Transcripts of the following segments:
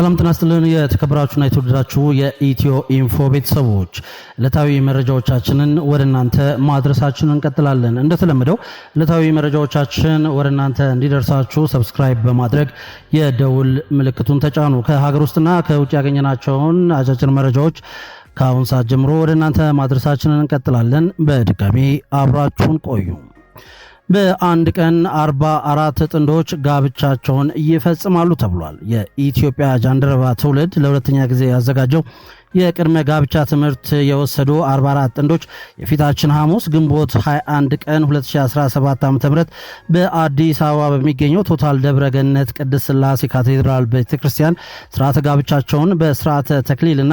ሰላም ጤና ይስጥልን። የተከበራችሁና የተወደዳችሁ የኢትዮ ኢንፎ ቤተሰቦች ዕለታዊ መረጃዎቻችንን ወደ እናንተ ማድረሳችንን እንቀጥላለን። እንደተለመደው ዕለታዊ መረጃዎቻችን ወደ እናንተ እንዲደርሳችሁ ሰብስክራይብ በማድረግ የደውል ምልክቱን ተጫኑ። ከሀገር ውስጥና ከውጭ ያገኘናቸውን አጫጭር መረጃዎች ከአሁን ሰዓት ጀምሮ ወደ እናንተ ማድረሳችንን እንቀጥላለን። በድጋሚ አብራችሁን ቆዩ። በአንድ ቀን 44 ጥንዶች ጋብቻቸውን ይፈጽማሉ ተብሏል። የኢትዮጵያ ጃንደረባ ትውልድ ለሁለተኛ ጊዜ ያዘጋጀው የቅድመ ጋብቻ ትምህርት የወሰዱ 44 ጥንዶች የፊታችን ሐሙስ ግንቦት 21 ቀን 2017 ዓ.ም በአዲስ አበባ በሚገኘው ቶታል ደብረ ገነት ቅድስት ስላሴ ካቴድራል ቤተክርስቲያን ስርዓተ ጋብቻቸውን በስርዓተ ተክሊልና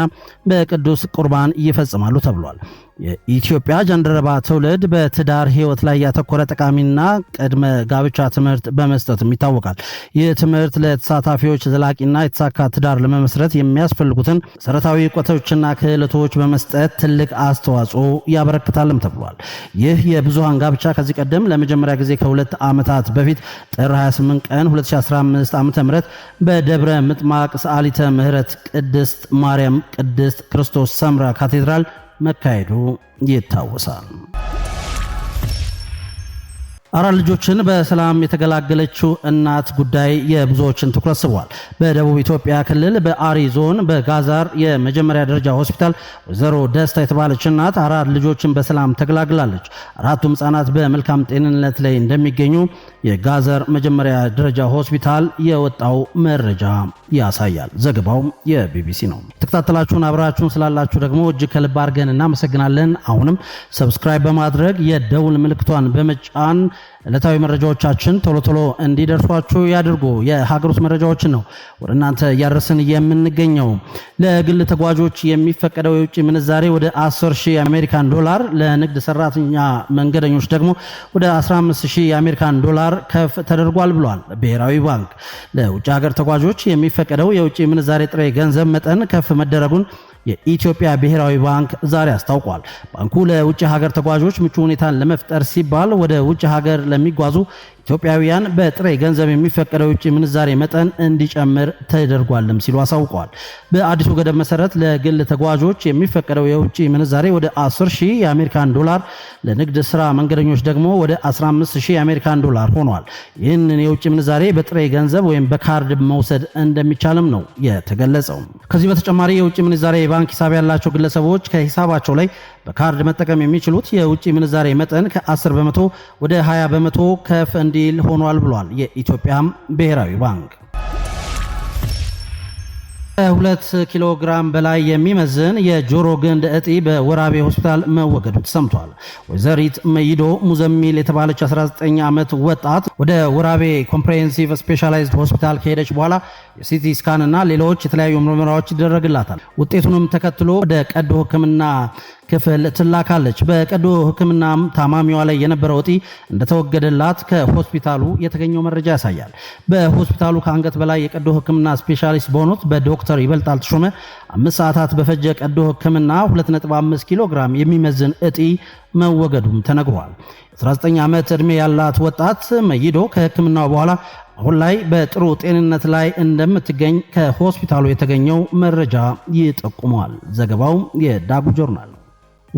በቅዱስ ቁርባን ይፈጽማሉ ተብሏል። የኢትዮጵያ ጀንደረባ ትውልድ በትዳር ህይወት ላይ ያተኮረ ጠቃሚና ቅድመ ጋብቻ ትምህርት በመስጠትም ይታወቃል። ይህ ትምህርት ለተሳታፊዎች ዘላቂና የተሳካ ትዳር ለመመስረት የሚያስፈልጉትን መሰረታዊ እውቀቶችና ክህሎቶች በመስጠት ትልቅ አስተዋጽኦ ያበረክታልም ተብሏል። ይህ የብዙሃን ጋብቻ ከዚህ ቀደም ለመጀመሪያ ጊዜ ከሁለት ዓመታት በፊት ጥር 28 ቀን 2015 ዓ ም በደብረ ምጥማቅ ሰዓሊተ ምህረት ቅድስት ማርያም ቅድስት ክርስቶስ ሰምራ ካቴድራል መካሄዱ ይታወሳል። አራት ልጆችን በሰላም የተገላገለችው እናት ጉዳይ የብዙዎችን ትኩረት ስቧል። በደቡብ ኢትዮጵያ ክልል በአሪ ዞን በጋዛር የመጀመሪያ ደረጃ ሆስፒታል ወይዘሮ ደስታ የተባለች እናት አራት ልጆችን በሰላም ተገላግላለች። አራቱም ህጻናት በመልካም ጤንነት ላይ እንደሚገኙ የጋዛር መጀመሪያ ደረጃ ሆስፒታል የወጣው መረጃ ያሳያል። ዘገባውም የቢቢሲ ነው። ተከታተላችሁን አብራችሁን ስላላችሁ ደግሞ እጅግ ከልብ አድርገን እናመሰግናለን። አሁንም ሰብስክራይብ በማድረግ የደውል ምልክቷን በመጫን ዕለታዊ መረጃዎቻችን ቶሎ ቶሎ እንዲደርሷችሁ ያድርጉ። የሀገር ውስጥ መረጃዎችን ነው ወደ እናንተ እያደረስን የምንገኘው። ለግል ተጓዦች የሚፈቀደው የውጭ ምንዛሬ ወደ 10 ሺህ የአሜሪካን ዶላር፣ ለንግድ ሰራተኛ መንገደኞች ደግሞ ወደ 15 ሺህ የአሜሪካን ዶላር ከፍ ተደርጓል ብሏል ብሔራዊ ባንክ። ለውጭ ሀገር ተጓዦች የሚፈቀደው የውጭ ምንዛሬ ጥሬ ገንዘብ መጠን ከፍ መደረጉን የኢትዮጵያ ብሔራዊ ባንክ ዛሬ አስታውቋል። ባንኩ ለውጭ ሀገር ተጓዦች ምቹ ሁኔታን ለመፍጠር ሲባል ወደ ውጭ ሀገር ለሚጓዙ ኢትዮጵያውያን በጥሬ ገንዘብ የሚፈቀደው የውጭ ምንዛሬ መጠን እንዲጨምር ተደርጓልም ሲሉ አሳውቀዋል። በአዲሱ ገደብ መሰረት ለግል ተጓዦች የሚፈቀደው የውጭ ምንዛሬ ወደ 10 ሺህ የአሜሪካን ዶላር፣ ለንግድ ስራ መንገደኞች ደግሞ ወደ 15 ሺህ የአሜሪካን ዶላር ሆኗል። ይህንን የውጭ ምንዛሬ በጥሬ ገንዘብ ወይም በካርድ መውሰድ እንደሚቻልም ነው የተገለጸው። ከዚህ በተጨማሪ የውጭ ምንዛሬ የባንክ ሂሳብ ያላቸው ግለሰቦች ከሂሳባቸው ላይ በካርድ መጠቀም የሚችሉት የውጭ ምንዛሬ መጠን ከ10 በመቶ ወደ 20 በመቶ ከፍ እንዲ ሞዴል ሆኗል ብሏል የኢትዮጵያም ብሔራዊ ባንክ። ከሁለት ኪሎ ግራም በላይ የሚመዝን የጆሮ ግንድ እጢ በወራቤ ሆስፒታል መወገዱ ተሰምቷል። ወይዘሪት መይዶ ሙዘሚል የተባለች 19 ዓመት ወጣት ወደ ወራቤ ኮምፕሬሄንሲቭ ስፔሻላይዝድ ሆስፒታል ከሄደች በኋላ የሲቲ ስካን እና ሌሎች የተለያዩ ምርመራዎች ይደረግላታል። ውጤቱንም ተከትሎ ወደ ቀዶ ሕክምና ክፍል ትላካለች። በቀዶ ሕክምና ታማሚዋ ላይ የነበረው እጢ እንደተወገደላት ከሆስፒታሉ የተገኘው መረጃ ያሳያል። በሆስፒታሉ ከአንገት በላይ የቀዶ ሕክምና ስፔሻሊስት በሆኑት በዶክተር ይበልጣል ተሾመ አምስት ሰዓታት በፈጀ ቀዶ ሕክምና 2.5 ኪሎ ግራም የሚመዝን እጢ መወገዱም ተነግሯል። 19 ዓመት ዕድሜ ያላት ወጣት መይዶ ከሕክምናው በኋላ አሁን ላይ በጥሩ ጤንነት ላይ እንደምትገኝ ከሆስፒታሉ የተገኘው መረጃ ይጠቁመዋል ዘገባው የዳጉ ጆርናል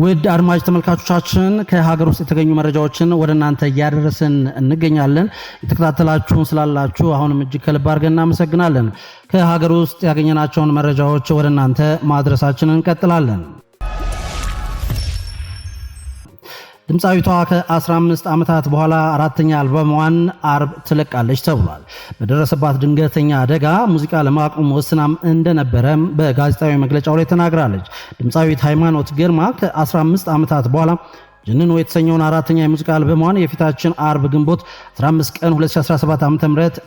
ውድ አድማጭ ተመልካቾቻችን ከሀገር ውስጥ የተገኙ መረጃዎችን ወደ እናንተ እያደረስን እንገኛለን። የተከታተላችሁን ስላላችሁ አሁንም እጅግ ከልብ አድርገን እናመሰግናለን። ከሀገር ውስጥ ያገኘናቸውን መረጃዎች ወደ እናንተ ማድረሳችንን እንቀጥላለን። ድምፃዊቷ ከ15 ዓመታት በኋላ አራተኛ አልበሟን አርብ ትለቃለች ተብሏል። በደረሰባት ድንገተኛ አደጋ ሙዚቃ ለማቆም ወስናም እንደነበረ በጋዜጣዊ መግለጫው ላይ ተናግራለች። ድምፃዊት ሃይማኖት ግርማ ከ15 ዓመታት በኋላ ጅንኑ የተሰኘውን አራተኛ የሙዚቃ አልበሟን የፊታችን አርብ ግንቦት 15 ቀን 2017 ዓ.ም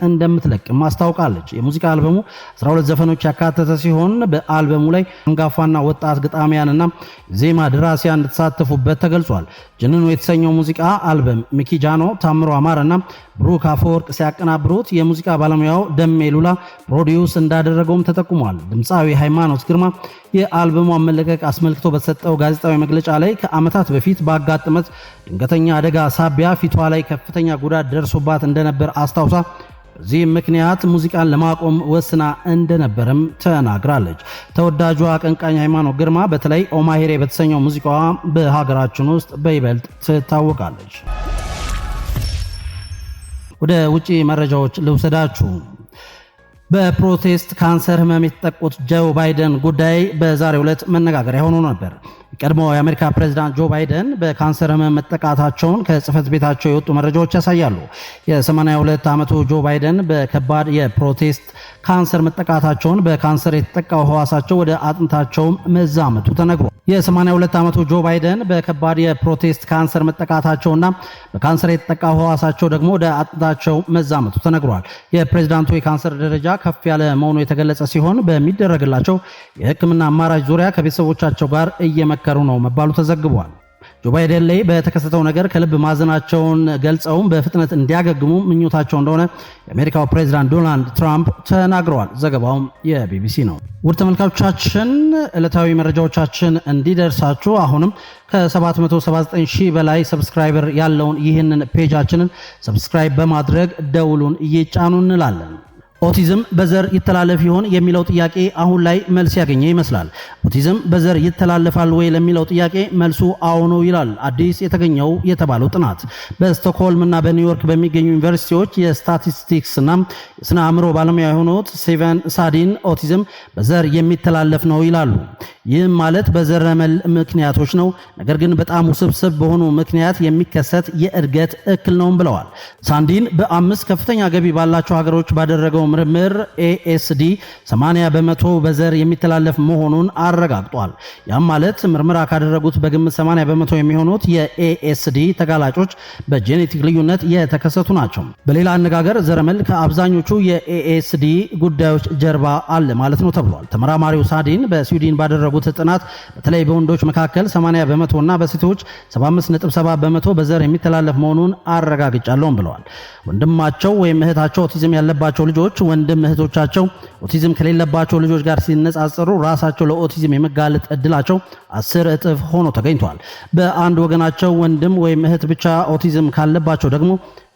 እንደምትለቅም አስታውቃለች። የሙዚቃ አልበሙ 12 ዘፈኖች ያካተተ ሲሆን በአልበሙ ላይ አንጋፋና ወጣት ግጣሚያንና ዜማ ድራሲያ እንደተሳተፉበት ተገልጿል። ጅንኑ የተሰኘው ሙዚቃ አልበም ሚኪጃኖ ታምሮ አማረና ብሩክ አፈወርቅ ሲያቀናብሩት የሙዚቃ ባለሙያው ደሜ ሉላ ፕሮዲውስ እንዳደረገውም ተጠቁሟል። ድምፃዊ ሃይማኖት ግርማ የአልበሙ አመለቀቅ አስመልክቶ በተሰጠው ጋዜጣዊ መግለጫ ላይ ከዓመታት በፊት ባጋጠመት ድንገተኛ አደጋ ሳቢያ ፊቷ ላይ ከፍተኛ ጉዳት ደርሶባት እንደነበር አስታውሳ በዚህ ምክንያት ሙዚቃን ለማቆም ወስና እንደነበርም ተናግራለች። ተወዳጇ አቀንቃኝ ሃይማኖት ግርማ በተለይ ኦማሄሬ በተሰኘው ሙዚቃዋ በሀገራችን ውስጥ በይበልጥ ትታወቃለች። ወደ ውጪ መረጃዎች ልውሰዳችሁ። በፕሮቴስት ካንሰር ህመም የተጠቁት ጆ ባይደን ጉዳይ በዛሬው ዕለት መነጋገሪያ ሆኖ ነበር። የቀድሞ የአሜሪካ ፕሬዚዳንት ጆ ባይደን በካንሰር ህመም መጠቃታቸውን ከጽህፈት ቤታቸው የወጡ መረጃዎች ያሳያሉ። የ82 ዓመቱ ጆ ባይደን በከባድ የፕሮቴስት ካንሰር መጠቃታቸውን በካንሰር የተጠቃው ህዋሳቸው ወደ አጥንታቸውም መዛመቱ ተነግሯል። የ82 ዓመቱ ጆ ባይደን በከባድ የፕሮቴስት ካንሰር መጠቃታቸውና በካንሰር የተጠቃው ህዋሳቸው ደግሞ ወደ አጥንታቸው መዛመቱ ተነግሯል። የፕሬዚዳንቱ የካንሰር ደረጃ ከፍ ያለ መሆኑ የተገለጸ ሲሆን በሚደረግላቸው የህክምና አማራጭ ዙሪያ ከቤተሰቦቻቸው ጋር እየመ እየመሰከሩ ነው መባሉ ተዘግቧል። ጆ ባይደን ላይ በተከሰተው ነገር ከልብ ማዘናቸውን ገልጸውም በፍጥነት እንዲያገግሙ ምኞታቸው እንደሆነ የአሜሪካው ፕሬዚዳንት ዶናልድ ትራምፕ ተናግረዋል። ዘገባውም የቢቢሲ ነው። ውድ ተመልካቾቻችን ዕለታዊ መረጃዎቻችን እንዲደርሳችሁ አሁንም ከ779 ሺህ በላይ ሰብስክራይበር ያለውን ይህንን ፔጃችንን ሰብስክራይብ በማድረግ ደውሉን እየጫኑ እንላለን። ኦቲዝም በዘር ይተላለፍ ይሆን የሚለው ጥያቄ አሁን ላይ መልስ ያገኘ ይመስላል። ኦቲዝም በዘር ይተላለፋል ወይ ለሚለው ጥያቄ መልሱ አዎ ነው ይላል አዲስ የተገኘው የተባለው ጥናት። እና በኒውዮርክ በሚገኙ ዩኒቨርሲቲዎች የስታቲስቲክስና ስነ አእምሮ ባለሙያ የሆኑት ሴቨን ሳዲን ኦቲዝም በዘር የሚተላለፍ ነው ይላሉ። ይህም ማለት በዘረመል ምክንያቶች ነው። ነገር ግን በጣም ውስብስብ በሆኑ ምክንያት የሚከሰት የእድገት እክል ነውም ብለዋል። ሳንዲን በአምስት ከፍተኛ ገቢ ባላቸው ሀገሮች ባደረገው ምርምር ኤኤስዲ 80 በመቶ በዘር የሚተላለፍ መሆኑን አረጋግጧል። ያም ማለት ምርመራ ካደረጉት በግምት 80 በመቶ የሚሆኑት የኤኤስዲ ተጋላጮች በጄኔቲክ ልዩነት የተከሰቱ ናቸው። በሌላ አነጋገር ዘረመል ከአብዛኞቹ የኤኤስዲ ጉዳዮች ጀርባ አለ ማለት ነው ተብሏል። ተመራማሪው ሳዲን በስዊድን ባደረጉ ባቀረቡት ጥናት በተለይ በወንዶች መካከል 80 በመቶ እና በሴቶች 75.7 በመቶ በዘር የሚተላለፍ መሆኑን አረጋግጫለሁም ብለዋል። ወንድማቸው ወይም እህታቸው ኦቲዝም ያለባቸው ልጆች ወንድም እህቶቻቸው ኦቲዝም ከሌለባቸው ልጆች ጋር ሲነጻጸሩ ራሳቸው ለኦቲዝም የመጋለጥ እድላቸው አስር እጥፍ ሆኖ ተገኝቷል። በአንድ ወገናቸው ወንድም ወይም እህት ብቻ ኦቲዝም ካለባቸው ደግሞ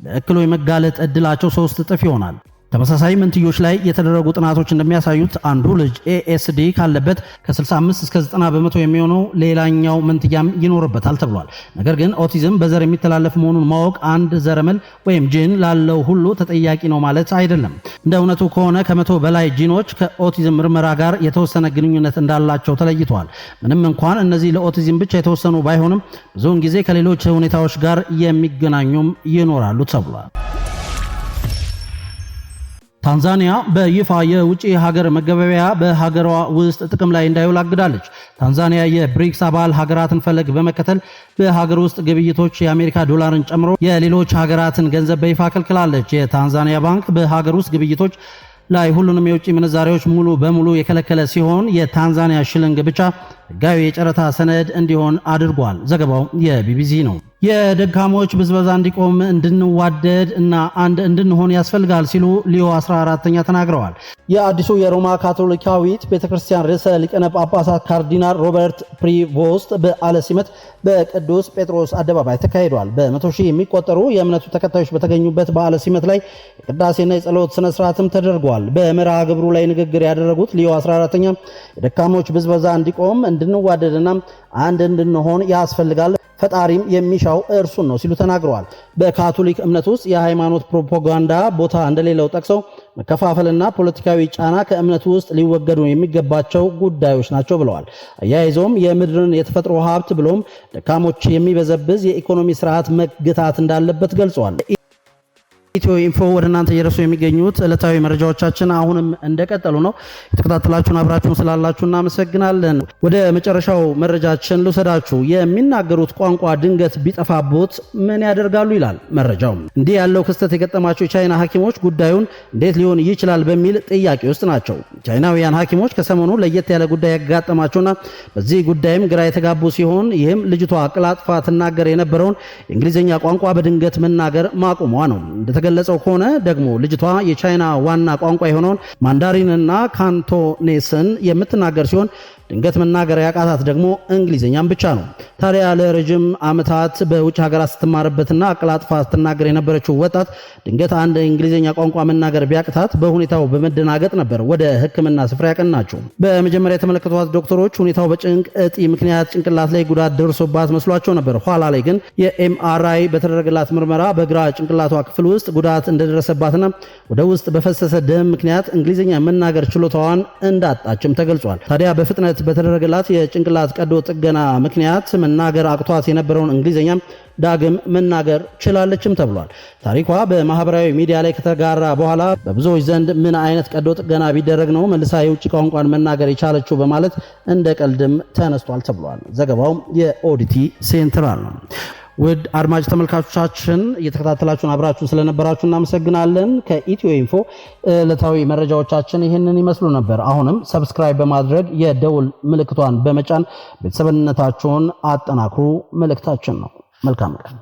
ለእክሉ የመጋለጥ እድላቸው ሶስት እጥፍ ይሆናል። ተመሳሳይ መንትዮች ላይ የተደረጉ ጥናቶች እንደሚያሳዩት አንዱ ልጅ ኤኤስዲ ካለበት ከ65 እስከ 90 በመቶ የሚሆነው ሌላኛው መንትያም ይኖርበታል ተብሏል። ነገር ግን ኦቲዝም በዘር የሚተላለፍ መሆኑን ማወቅ አንድ ዘረመል ወይም ጂን ላለው ሁሉ ተጠያቂ ነው ማለት አይደለም። እንደ እውነቱ ከሆነ ከመቶ በላይ ጂኖች ከኦቲዝም ምርመራ ጋር የተወሰነ ግንኙነት እንዳላቸው ተለይተዋል። ምንም እንኳን እነዚህ ለኦቲዝም ብቻ የተወሰኑ ባይሆንም ብዙውን ጊዜ ከሌሎች ሁኔታዎች ጋር የሚገናኙም ይኖራሉ ተብሏል። ታንዛኒያ በይፋ የውጭ ሀገር መገበያያ በሀገሯ ውስጥ ጥቅም ላይ እንዳይውል አግዳለች። ታንዛኒያ የብሪክስ አባል ሀገራትን ፈለግ በመከተል በሀገር ውስጥ ግብይቶች የአሜሪካ ዶላርን ጨምሮ የሌሎች ሀገራትን ገንዘብ በይፋ ከልክላለች። የታንዛኒያ ባንክ በሀገር ውስጥ ግብይቶች ላይ ሁሉንም የውጭ ምንዛሪዎች ሙሉ በሙሉ የከለከለ ሲሆን የታንዛኒያ ሽልንግ ብቻ ህጋዊ የጨረታ ሰነድ እንዲሆን አድርጓል። ዘገባው የቢቢሲ ነው። የደካሞች ብዝበዛ እንዲቆም እንድንዋደድ እና አንድ እንድንሆን ያስፈልጋል ሲሉ ሊዮ 14 ተኛ ተናግረዋል። የአዲሱ የሮማ ካቶሊካዊት ቤተክርስቲያን ርዕሰ ሊቀነ ጳጳሳት ካርዲናል ሮበርት ፕሪቮስት በዓለ ሲመት በቅዱስ ጴጥሮስ አደባባይ ተካሂዷል። በመቶ ሺህ የሚቆጠሩ የእምነቱ ተከታዮች በተገኙበት በዓለ ሲመት ላይ የቅዳሴና የጸሎት ስነ ስርዓትም ተደርጓል። በመርሃ ግብሩ ላይ ንግግር ያደረጉት ሊዮ 14ኛ የደካሞች ብዝበዛ እንዲቆም እንድንዋደድና አንድ እንድንሆን ያስፈልጋል። ፈጣሪም የሚሻው እርሱን ነው ሲሉ ተናግረዋል። በካቶሊክ እምነት ውስጥ የሃይማኖት ፕሮፓጋንዳ ቦታ እንደሌለው ጠቅሰው መከፋፈልና ፖለቲካዊ ጫና ከእምነቱ ውስጥ ሊወገዱ የሚገባቸው ጉዳዮች ናቸው ብለዋል። አያይዘውም የምድርን የተፈጥሮ ሀብት ብሎም ደካሞች የሚበዘብዝ የኢኮኖሚ ስርዓት መግታት እንዳለበት ገልጸዋል። ኢትዮ ኢንፎ ወደ እናንተ እየደረሱ የሚገኙት ዕለታዊ መረጃዎቻችን አሁንም እንደቀጠሉ ነው። የተከታተላችሁን አብራችሁን ስላላችሁ እናመሰግናለን። ወደ መጨረሻው መረጃችን ልውሰዳችሁ። የሚናገሩት ቋንቋ ድንገት ቢጠፋቦት ምን ያደርጋሉ ይላል መረጃው። እንዲህ ያለው ክስተት የገጠማቸው የቻይና ሐኪሞች ጉዳዩን እንዴት ሊሆን ይችላል በሚል ጥያቄ ውስጥ ናቸው። ቻይናውያን ሐኪሞች ከሰሞኑ ለየት ያለ ጉዳይ ያጋጠማቸውና በዚህ ጉዳይም ግራ የተጋቡ ሲሆን ይህም ልጅቷ ቅላጥፋ ትናገር የነበረውን የእንግሊዝኛ ቋንቋ በድንገት መናገር ማቆሟ ነው። እንደገለጸው ከሆነ ደግሞ ልጅቷ የቻይና ዋና ቋንቋ የሆነውን ማንዳሪንና ካንቶኔስን የምትናገር ሲሆን ድንገት መናገር ያቃታት ደግሞ እንግሊዝኛም ብቻ ነው። ታዲያ ለረጅም ዓመታት በውጭ ሀገራት ስትማርበትና አቀላጥፋ ስትናገር የነበረችው ወጣት ድንገት አንድ እንግሊዝኛ ቋንቋ መናገር ቢያቅታት በሁኔታው በመደናገጥ ነበር ወደ ሕክምና ስፍራ ናቸው። በመጀመሪያ የተመለከቷት ዶክተሮች ሁኔታው በጭንቅ እጢ ምክንያት ጭንቅላት ላይ ጉዳት ደርሶባት መስሏቸው ነበር። ኋላ ላይ ግን የኤምአርአይ በተደረገላት ምርመራ በግራ ጭንቅላቷ ክፍል ውስጥ ጉዳት እንደደረሰባትና ወደ ውስጥ በፈሰሰ ደም ምክንያት እንግሊዝኛ መናገር ችሎታዋን እንዳጣችም ተገልጿል። ታዲያ በፍጥነት ዕለት በተደረገላት የጭንቅላት ቀዶ ጥገና ምክንያት መናገር አቅቷት የነበረውን እንግሊዝኛም ዳግም መናገር ችላለችም ተብሏል። ታሪኳ በማህበራዊ ሚዲያ ላይ ከተጋራ በኋላ በብዙዎች ዘንድ ምን አይነት ቀዶ ጥገና ቢደረግ ነው መልሳ የውጭ ቋንቋን መናገር የቻለችው በማለት እንደ ቀልድም ተነስቷል ተብሏል። ዘገባውም የኦዲቲ ሴንትራል ነው። ውድ አድማጭ ተመልካቾቻችን እየተከታተላችሁን አብራችሁን ስለነበራችሁ እናመሰግናለን። ከኢትዮ ኢንፎ ዕለታዊ መረጃዎቻችን ይህንን ይመስሉ ነበር። አሁንም ሰብስክራይብ በማድረግ የደውል ምልክቷን በመጫን ቤተሰብነታችሁን አጠናክሩ መልእክታችን ነው። መልካም ቀን።